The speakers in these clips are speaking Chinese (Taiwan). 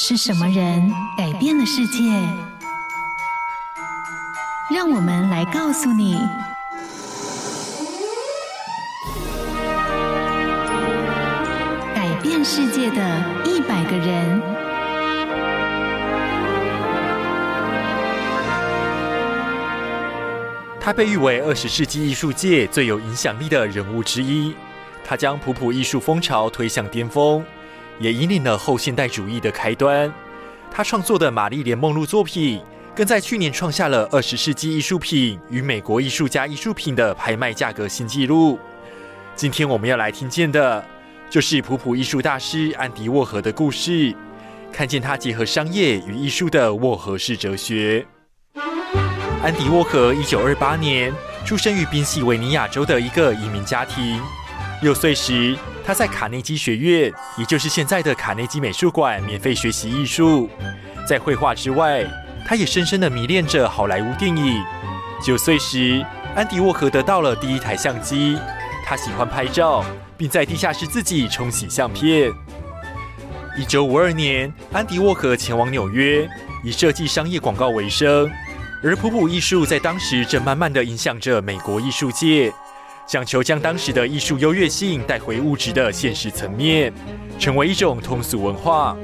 是什麼人改變了世界？讓我們來告訴你：改變世界的一百個人。他被譽為二十世紀藝術界最有影響力的人物之一，他將普普藝術風潮推向巔峰。也引領了後現代主義的開端。他創作的《瑪麗蓮夢露》作品，更在去年創下了二十世紀藝術品與美國藝術家藝術品的拍賣價格新紀錄。今天我們要來聽見的，就是普普藝術大師安迪沃荷的故事，看見他結合商業與藝術的沃荷式哲學。安迪沃荷一九二八年出生於賓夕維尼亞州的一個移民家庭，六歲時，他在卡內基學院，也就是現在的卡內基美術館，免費學習藝術。在繪畫之外，他也深深的迷戀着好萊塢電影。九歲時，安迪沃荷得到了第一台相機，他喜歡拍照，並在地下室自己沖洗相片。一九五二年，安迪沃荷前往紐約，以設計商業廣告為生，而普普藝術在當時正慢慢的影響着美國藝術界。講求將當時的藝術優越性帶回物質的現實層面，成為一種通俗文化。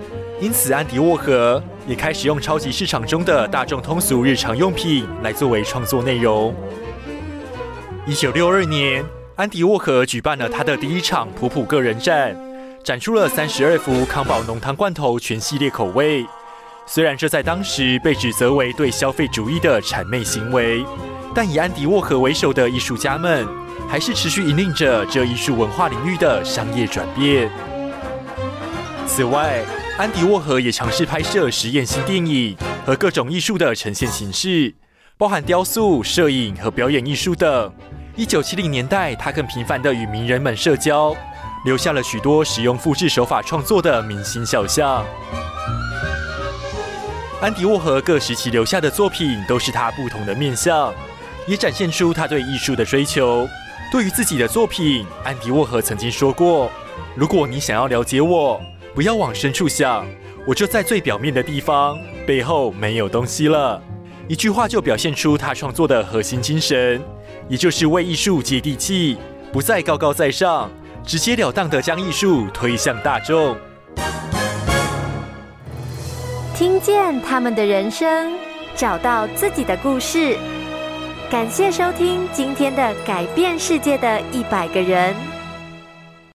因此，安迪沃荷也開始用超級市場中的大眾通俗日常用品來作為創作內容。一九六二年，安迪沃荷舉辦了他的第一場普普個人展，展出了三十二幅康寶濃湯罐頭全系列口味。雖然這在當時被指責為對消費主義的諂媚行為，但以安迪沃荷為首的藝術家們。還是持續引領着這藝術文化領域的商業轉變。此外，安迪沃荷也嘗試拍攝實驗性電影和各種藝術的呈現形式，包含雕塑、攝影和表演藝術等。一九七零年代，他更頻繁地與名人們社交，留下了許多使用複製手法創作的明星肖像。安迪沃荷各時期留下的作品都是他不同的面向，也展現出他對藝術的追求。對於自己的作品，安迪沃荷曾經說過：“如果你想要了解我，不要往深處想，我就在最表面的地方，背後沒有東西了。”一句話就表現出他創作的核心精神，也就是為藝術接地氣，不再高高在上，直截了當地將藝術推向大眾。聽見他們的人生，找到自己的故事。感謝收聽今天的《改變世界的一百個人》。